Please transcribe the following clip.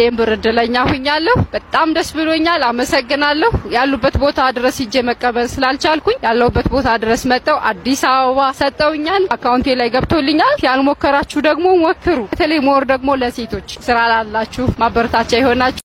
ይህን ብር እድለኛ ሁኛለሁ። በጣም ደስ ብሎኛል። አመሰግናለሁ። ያሉበት ቦታ ድረስ ሂጄ መቀበል ስላልቻልኩኝ ያለሁበት ቦታ ድረስ መጠው አዲስ አበባ ሰጠውኛል። አካውንቴ ላይ ገብቶልኛል። ያልሞከራችሁ ደግሞ ሞክሩ። በተለይ ሞር ደግሞ ለሴቶች ስራ ላላችሁ ማበረታቻ ይሆናችሁ።